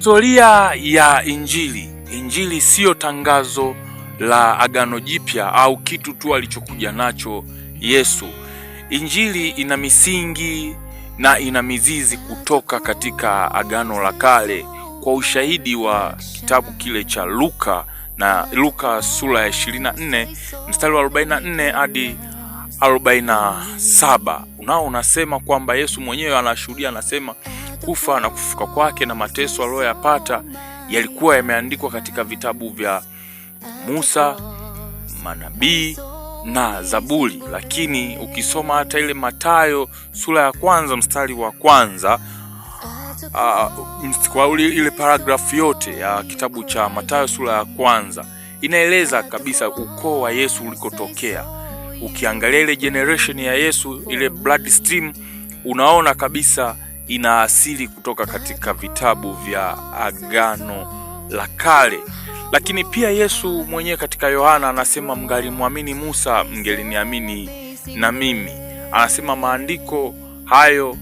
Historia ya Injili. Injili siyo tangazo la Agano Jipya au kitu tu alichokuja nacho Yesu. Injili ina misingi na ina mizizi kutoka katika Agano la Kale kwa ushahidi wa kitabu kile cha Luka na Luka sura ya 24 mstari wa 44 hadi 47 unao unasema kwamba Yesu mwenyewe anashuhudia, anasema kufa na kufuka kwake na mateso aliyoyapata yalikuwa yameandikwa katika vitabu vya Musa, manabii na Zaburi. Lakini ukisoma hata ile Mathayo sura ya kwanza mstari wa kwanza kwa ile paragrafu yote ya kitabu cha Mathayo sura ya kwanza inaeleza kabisa ukoo wa Yesu ulikotokea. Ukiangalia ile generation ya Yesu, ile stream, unaona kabisa ina asili kutoka katika vitabu vya Agano la Kale. Lakini pia Yesu mwenyewe katika Yohana anasema mngalimwamini Musa mngeliniamini na mimi. Anasema maandiko hayo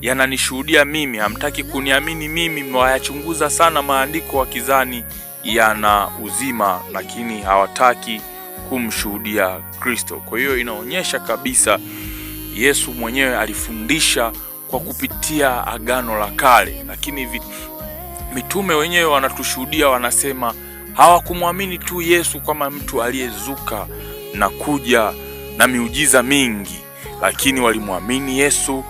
yananishuhudia mimi, hamtaki kuniamini mimi, mwayachunguza sana maandiko wakizani yana uzima, lakini hawataki kumshuhudia Kristo. Kwa hiyo inaonyesha kabisa Yesu mwenyewe alifundisha kwa kupitia Agano la Kale, lakini mitume wenyewe wanatushuhudia, wanasema hawakumwamini tu Yesu kama mtu aliyezuka na kuja na miujiza mingi, lakini walimwamini Yesu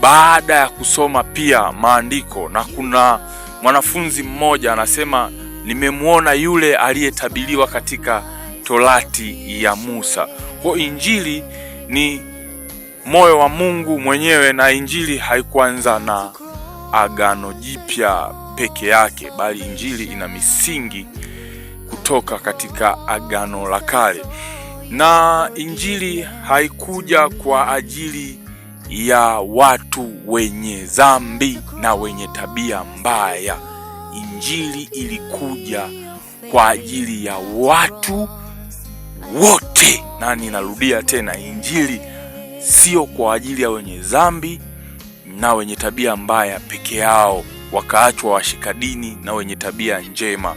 baada ya kusoma pia maandiko. Na kuna mwanafunzi mmoja anasema, nimemwona yule aliyetabiliwa katika Torati ya Musa. Kwa Injili ni moyo wa Mungu mwenyewe na Injili haikuanza na Agano Jipya peke yake, bali Injili ina misingi kutoka katika Agano la Kale, na Injili haikuja kwa ajili ya watu wenye dhambi na wenye tabia mbaya. Injili ilikuja kwa ajili ya watu wote, na ninarudia tena, Injili sio kwa ajili ya wenye dhambi na wenye tabia mbaya peke yao, wakaachwa washika dini na wenye tabia njema.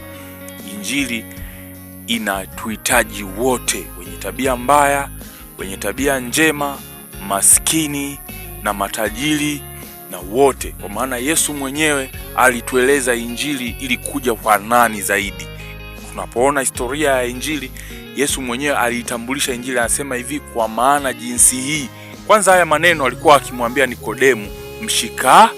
Injili inatuhitaji wote, wenye tabia mbaya, wenye tabia njema, maskini na matajiri na wote, kwa maana Yesu mwenyewe alitueleza injili ili kuja kwa nani zaidi. Tunapoona historia ya injili, Yesu mwenyewe aliitambulisha injili, anasema hivi, kwa maana jinsi hii kwanza haya maneno alikuwa akimwambia Nikodemu mshika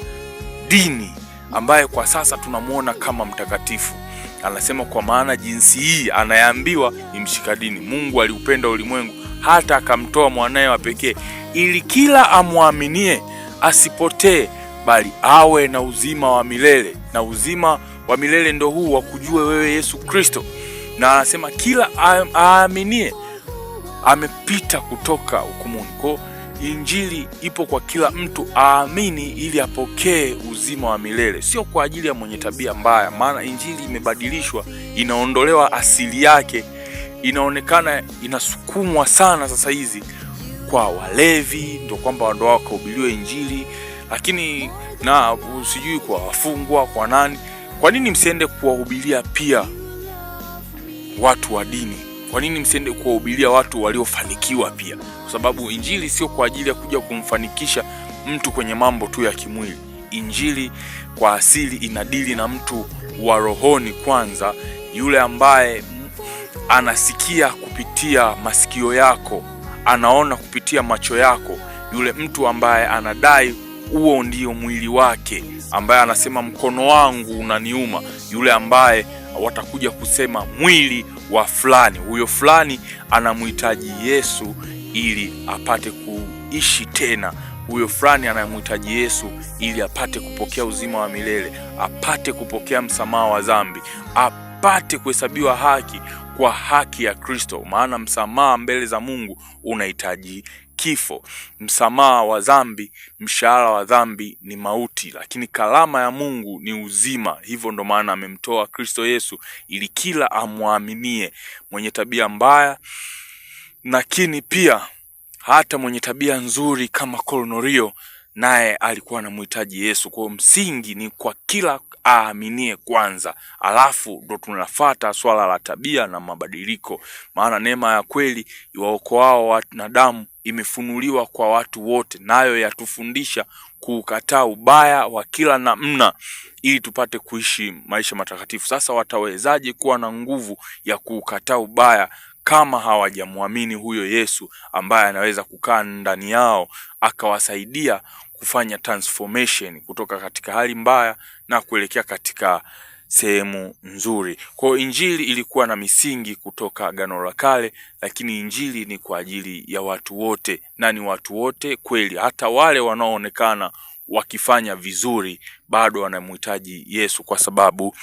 dini, ambaye kwa sasa tunamwona kama mtakatifu. Anasema kwa maana jinsi hii anayeambiwa ni mshika dini, Mungu aliupenda ulimwengu hata akamtoa mwanaye wa pekee, ili kila amwaminie asipotee, bali awe na uzima wa milele. Na uzima wa milele ndo huu wa kujua wewe Yesu Kristo. Na anasema kila aaminie amepita kutoka hukumuni kwao Injili ipo kwa kila mtu aamini ili apokee uzima wa milele, sio kwa ajili ya mwenye tabia mbaya, maana injili imebadilishwa, inaondolewa asili yake, inaonekana inasukumwa sana sasa hizi kwa walevi, ndio kwamba ndo wakahubiriwe injili, lakini na sijui kwa wafungwa, kwa nani. Kwa nini msiende kuwahubiria pia watu wa dini? Kwa nini msiende kuwahubiria watu waliofanikiwa pia? Kwa sababu injili sio kwa ajili ya kuja kumfanikisha mtu kwenye mambo tu ya kimwili. Injili kwa asili inadili na mtu wa rohoni kwanza, yule ambaye anasikia kupitia masikio yako, anaona kupitia macho yako, yule mtu ambaye anadai huo ndio mwili wake, ambaye anasema mkono wangu unaniuma, yule ambaye watakuja kusema mwili wa fulani. Huyo fulani anamhitaji Yesu ili apate kuishi tena. Huyo fulani anamhitaji Yesu ili apate kupokea uzima wa milele, apate kupokea msamaha wa dhambi, apate kuhesabiwa haki kwa haki ya Kristo, maana msamaha mbele za Mungu unahitaji kifo. Msamaha wa dhambi, mshahara wa dhambi ni mauti, lakini kalama ya Mungu ni uzima. Hivyo ndo maana amemtoa Kristo Yesu ili kila amwaminie, mwenye tabia mbaya, lakini pia hata mwenye tabia nzuri kama Kolonorio naye alikuwa anamhitaji Yesu. Kwa msingi ni kwa kila aaminie kwanza, alafu ndo tunafata swala la tabia na mabadiliko, maana neema ya kweli iwaokoao wanadamu imefunuliwa kwa watu wote, nayo yatufundisha kuukataa ubaya wa kila namna ili tupate kuishi maisha matakatifu. Sasa watawezaje kuwa na nguvu ya kuukataa ubaya kama hawajamwamini huyo Yesu ambaye anaweza kukaa ndani yao akawasaidia kufanya transformation kutoka katika hali mbaya na kuelekea katika sehemu nzuri. Kwa hiyo injili ilikuwa na misingi kutoka Agano la Kale, lakini injili ni kwa ajili ya watu wote, na ni watu wote kweli, hata wale wanaoonekana wakifanya vizuri bado wanamhitaji Yesu kwa sababu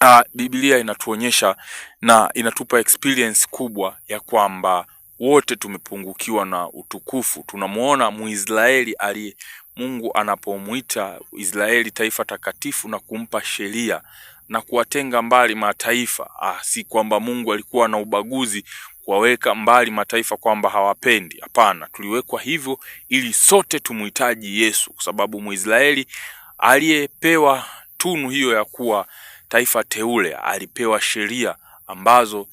a, ah, Biblia inatuonyesha na inatupa experience kubwa ya kwamba wote tumepungukiwa na utukufu. Tunamwona Mwisraeli aliye Mungu anapomwita Israeli taifa takatifu na kumpa sheria na kuwatenga mbali mataifa. Ah, si kwamba Mungu alikuwa na ubaguzi kuwaweka mbali mataifa kwamba hawapendi. Hapana, tuliwekwa hivyo ili sote tumhitaji Yesu, kwa sababu Mwisraeli aliyepewa tunu hiyo ya kuwa taifa teule alipewa sheria ambazo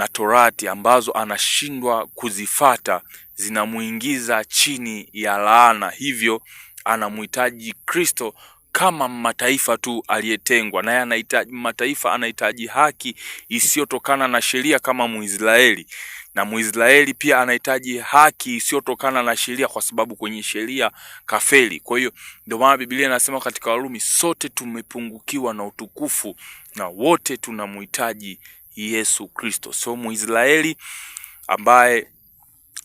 na Torati ambazo anashindwa kuzifata zinamuingiza chini ya laana, hivyo anamhitaji Kristo kama mataifa tu aliyetengwa naye, anahitaji mataifa, anahitaji haki isiyotokana na sheria kama muisraeli na muisraeli pia anahitaji haki isiyotokana na sheria, kwa sababu kwenye sheria kafeli. Kwa hiyo ndio maana Biblia inasema katika Warumi, sote tumepungukiwa na utukufu na wote tunamhitaji Yesu Kristo. Sio Mwisraeli ambaye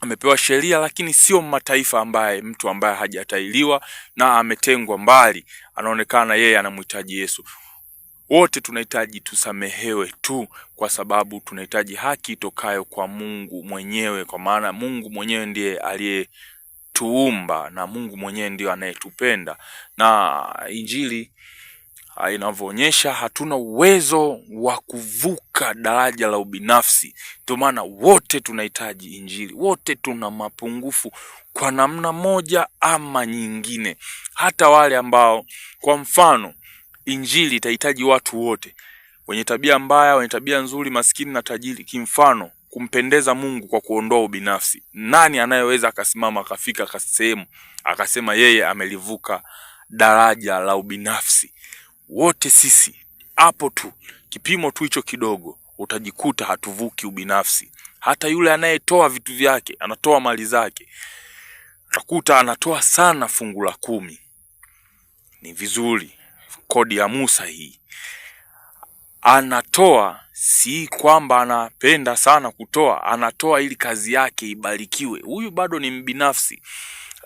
amepewa sheria, lakini sio mataifa ambaye mtu ambaye hajatailiwa na ametengwa mbali, anaonekana yeye anamhitaji Yesu. Wote tunahitaji tusamehewe tu, kwa sababu tunahitaji haki itokayo kwa Mungu mwenyewe, kwa maana Mungu mwenyewe ndiye aliyetuumba na Mungu mwenyewe ndiyo anayetupenda na Injili Ah, inavyoonyesha hatuna uwezo wa kuvuka daraja la ubinafsi. Ndio maana wote tunahitaji Injili, wote tuna mapungufu kwa namna moja ama nyingine, hata wale ambao, kwa mfano, Injili itahitaji watu wote, wenye tabia mbaya, wenye tabia nzuri, maskini na tajiri, kimfano kumpendeza Mungu kwa kuondoa ubinafsi. Nani anayeweza akasimama akafika sehemu akasema yeye amelivuka daraja la ubinafsi? wote sisi hapo tu, kipimo tu hicho kidogo, utajikuta hatuvuki ubinafsi. Hata yule anayetoa vitu vyake, anatoa mali zake, utakuta anatoa sana fungu la kumi. Ni vizuri kodi ya Musa hii anatoa si kwamba anapenda sana kutoa, anatoa ili kazi yake ibarikiwe. Huyu bado ni mbinafsi,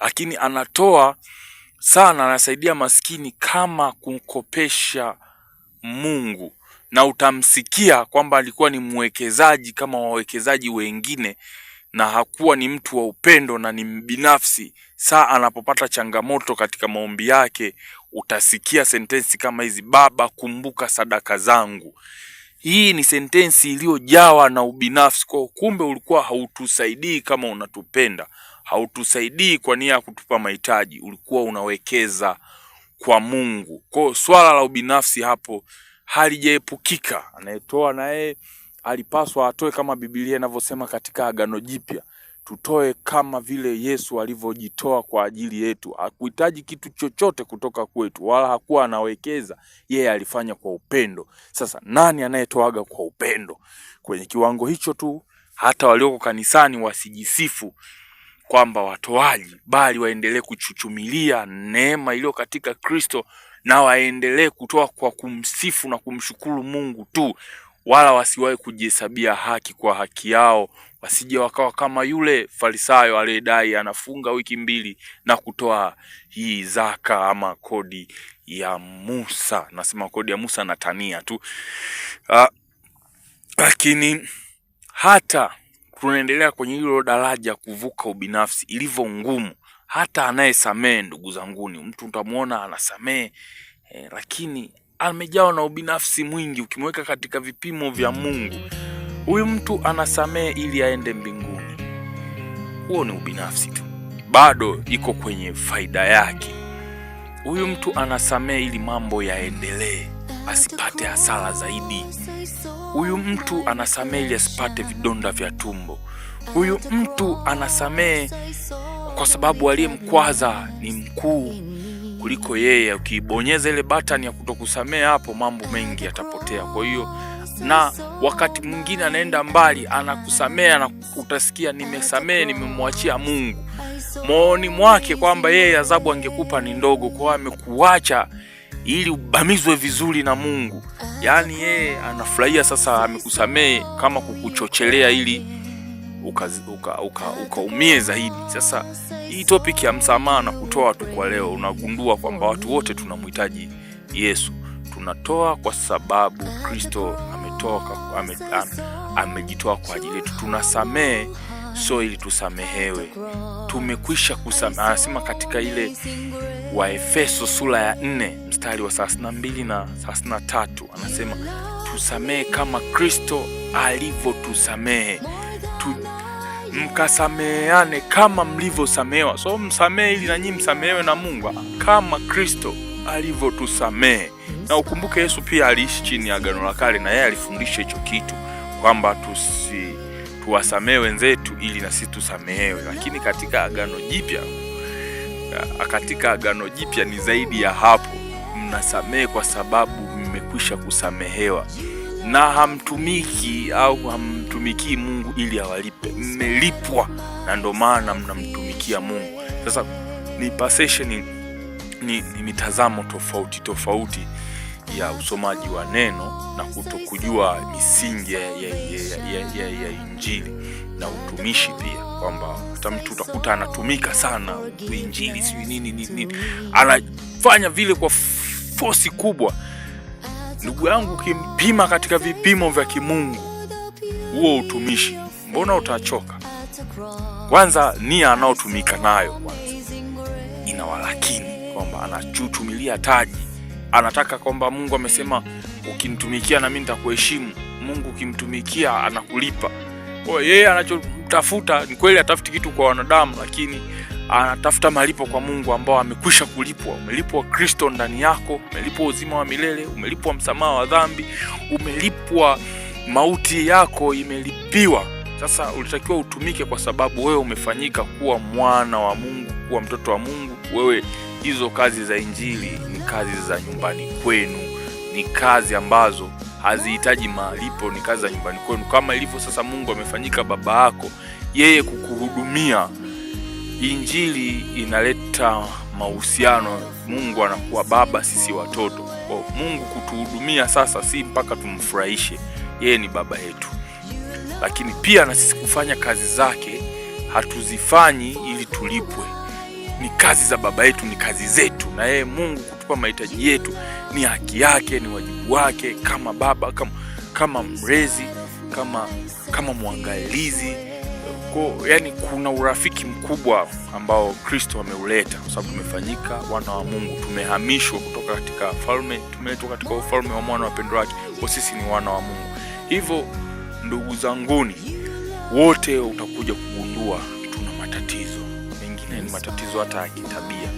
lakini anatoa sana anasaidia maskini kama kumkopesha Mungu na utamsikia kwamba alikuwa ni mwekezaji kama wawekezaji wengine na hakuwa ni mtu wa upendo na ni mbinafsi. Saa anapopata changamoto katika maombi yake, utasikia sentensi kama hizi: Baba, kumbuka sadaka zangu. Hii ni sentensi iliyojawa na ubinafsi, kwa kumbe ulikuwa hautusaidii kama unatupenda hautusaidii kwa nia ya kutupa mahitaji, ulikuwa unawekeza kwa Mungu. Kwa swala la ubinafsi hapo halijaepukika. Anayetoa naye alipaswa atoe kama Biblia inavyosema katika Agano Jipya, tutoe kama vile Yesu alivyojitoa kwa ajili yetu. Hakuhitaji kitu chochote kutoka kwetu, wala hakuwa anawekeza yeye, yeah, alifanya kwa upendo. Sasa nani anayetoaga kwa upendo? Kwenye kiwango hicho tu hata walioko kanisani wasijisifu kwamba watoaji, bali waendelee kuchuchumilia neema iliyo katika Kristo na waendelee kutoa kwa kumsifu na kumshukuru Mungu tu, wala wasiwahi kujihesabia haki kwa haki yao, wasije wakawa kama yule farisayo aliyedai anafunga wiki mbili na kutoa hii zaka ama kodi ya Musa. Nasema kodi ya Musa na tu. tu, ah, lakini hata tunaendelea kwenye hilo daraja kuvuka ubinafsi, ilivyo ngumu. Hata anayesamehe ndugu zanguni, mtu utamwona anasamehe eh, lakini amejawa na ubinafsi mwingi. Ukimweka katika vipimo vya Mungu, huyu mtu anasamehe ili aende mbinguni, huo ni ubinafsi tu, bado iko kwenye faida yake. Huyu mtu anasamehe ili mambo yaendelee asipate hasara zaidi. Huyu mtu anasamehe ili asipate vidonda vya tumbo. Huyu mtu anasamehe kwa sababu aliyemkwaza ni mkuu kuliko yeye. Ukiibonyeza ile batani ya kutokusamehe, hapo mambo mengi yatapotea. Kwa hiyo na wakati mwingine anaenda mbali, anakusamea na utasikia nimesamee nimemwachia Mungu. Mooni mwake kwamba yeye adhabu angekupa ni ndogo, kwa amekuacha ili ubamizwe vizuri na Mungu. Yaani yeye anafurahia sasa amekusamehe kama kukuchochelea ili ukaumie uka, uka, uka zaidi. Sasa hii topic ya msamaha na kutoa tu kwa leo, unagundua kwamba watu wote tunamhitaji Yesu. Tunatoa kwa sababu Kristo ametoka amejitoa ame kwa ajili yetu, tunasamehe so ili tusamehewe, tumekwisha kusamehe. Anasema katika ile Waefeso sura ya nne mstari wa 32 na 33 anasema tusamehe kama Kristo alivyotusamehe tu, mkasameheane kama mlivyosamehewa. So msamehe ili nanyii msamehewe na Mungu ah, kama Kristo alivyotusamehe. Na ukumbuke Yesu pia aliishi chini ya agano la kale, na yeye alifundisha hicho kitu kwamba tusi tuwasamehe wenzetu ili na sisi tusamehewe. Lakini katika agano jipya, katika agano jipya ni zaidi ya hapo, mnasamehe kwa sababu mmekwisha kusamehewa, na hamtumiki au hamtumikii Mungu ili awalipe, mmelipwa na ndo maana mnamtumikia Mungu. Sasa ni, ni, ni mitazamo tofauti tofauti ya usomaji wa neno na kutokujua misingi ya, ya, ya, ya, ya Injili na utumishi pia, kwamba hata mtu utakuta anatumika sana Injili sijui nini nini, anafanya vile kwa fosi kubwa. Ndugu yangu, ukimpima katika vipimo vya kimungu huo utumishi, mbona utachoka? Kwanza nia anaotumika nayo kwanza inawalakini kwamba anachutumilia taji anataka kwamba Mungu amesema ukinitumikia nami nitakuheshimu. Mungu ukimtumikia anakulipa. Kwa hiyo yeye anachotafuta ni kweli, atafuti kitu kwa wanadamu, lakini anatafuta malipo kwa Mungu ambao amekwisha kulipwa. Umelipwa Kristo ndani yako, umelipwa uzima wa milele, umelipwa msamaha wa dhambi, umelipwa mauti yako imelipiwa. Sasa ulitakiwa utumike, kwa sababu wewe umefanyika kuwa mwana wa Mungu, kuwa mtoto wa Mungu. Wewe hizo kazi za injili kazi za nyumbani kwenu, ni kazi ambazo hazihitaji malipo, ni kazi za nyumbani kwenu, kama ilivyo sasa Mungu amefanyika baba yako, yeye kukuhudumia. Injili inaleta mahusiano, Mungu anakuwa baba, sisi watoto. Kwa Mungu kutuhudumia sasa, si mpaka tumfurahishe, yeye ni baba yetu. Lakini pia na sisi kufanya kazi zake hatuzifanyi ili tulipwe, ni kazi za baba yetu, ni kazi zetu, na yeye Mungu kutupa mahitaji yetu, ni haki yake, ni wajibu wake kama baba, kama, kama mrezi kama, kama mwangalizi. Ko, yani kuna urafiki mkubwa ambao Kristo ameuleta kwa sababu tumefanyika wana wa Mungu, tumehamishwa kutoka katika falme, tumeletwa katika ufalme wa mwana wa pendo wake, kwa sisi ni wana wa Mungu. Hivyo ndugu zanguni wote, utakuja kugundua tuna matatizo mengine, ni matatizo hata ya kitabia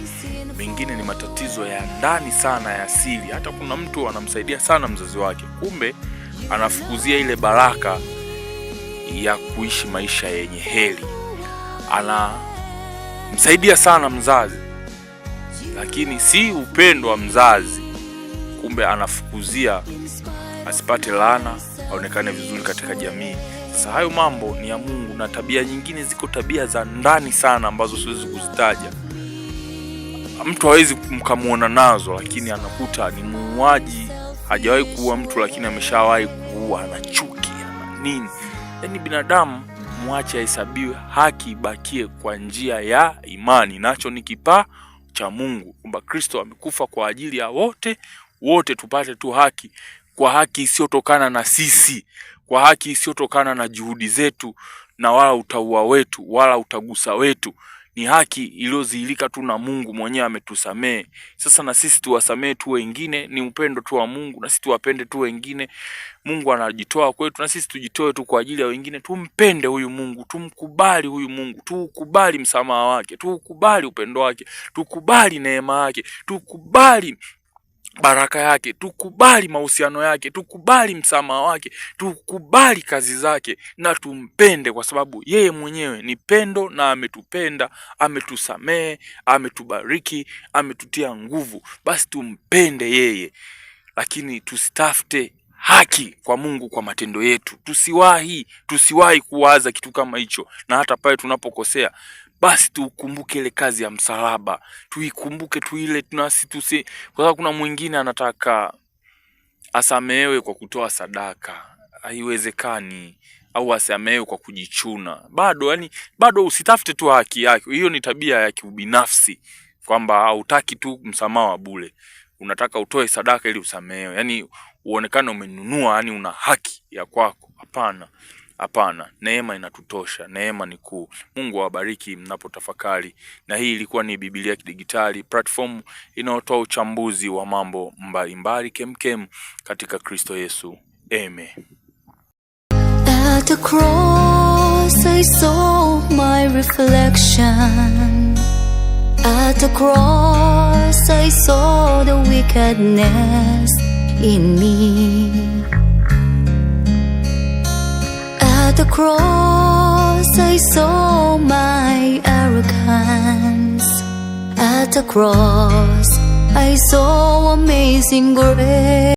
mengine ni matatizo ya ndani sana ya asili. Hata kuna mtu anamsaidia sana mzazi wake, kumbe anafukuzia ile baraka ya kuishi maisha yenye heri, anamsaidia sana mzazi, lakini si upendo wa mzazi, kumbe anafukuzia asipate laana, aonekane vizuri katika jamii. Sasa hayo mambo ni ya Mungu, na tabia nyingine ziko tabia za ndani sana ambazo siwezi kuzitaja mtu hawezi mkamwona nazo, lakini anakuta ni muuaji, hajawahi kuua mtu lakini ameshawahi kuua, ana chuki, ana nini. Yaani binadamu mwache ahesabiwe haki, ibakie kwa njia ya imani, nacho ni kipaa cha Mungu, kwamba Kristo amekufa kwa ajili ya wote wote, tupate tu haki, kwa haki isiyotokana na sisi, kwa haki isiyotokana na juhudi zetu, na wala utaua wetu wala utagusa wetu ni haki iliyodhihirika tu na Mungu mwenyewe ametusamehe. Sasa na sisi tuwasamehe tu wengine, ni upendo tu wa Mungu, na sisi tuwapende tu wengine. Mungu anajitoa kwetu, na sisi tujitoe tu kwa ajili ya wengine. Tumpende huyu Mungu, tumkubali huyu Mungu, tuukubali msamaha wake, tuukubali upendo wake, tukubali neema yake, tukubali baraka yake, tukubali mahusiano yake, tukubali msamaha wake, tukubali kazi zake na tumpende, kwa sababu yeye mwenyewe ni pendo na ametupenda, ametusamehe, ametubariki, ametutia nguvu. Basi tumpende yeye, lakini tusitafute haki kwa Mungu kwa matendo yetu. Tusiwahi, tusiwahi kuwaza kitu kama hicho, na hata pale tunapokosea basi tuukumbuke ile kazi ya msalaba, tuikumbuke tuile, tunasi tusi, kwa sababu kuna mwingine anataka asamehewe kwa kutoa sadaka, haiwezekani au asamehewe kwa kujichuna. Bado yani, bado usitafute tu haki yake. Hiyo ni tabia ya kiubinafsi kwamba hautaki tu msamaha wa bure, unataka utoe sadaka ili usamehewe, yani uonekane umenunua, yani una haki ya kwako. Hapana. Hapana, neema inatutosha, neema ni kuu. Mungu awabariki mnapotafakari. Na hii ilikuwa ni Biblia Kidigitali, platform inayotoa uchambuzi wa mambo mbalimbali kemkem katika Kristo Yesu. Amen. cross I saw my reflection. At the cross I saw the wickedness in me. At the cross I saw my arrogance At the cross I saw amazing grace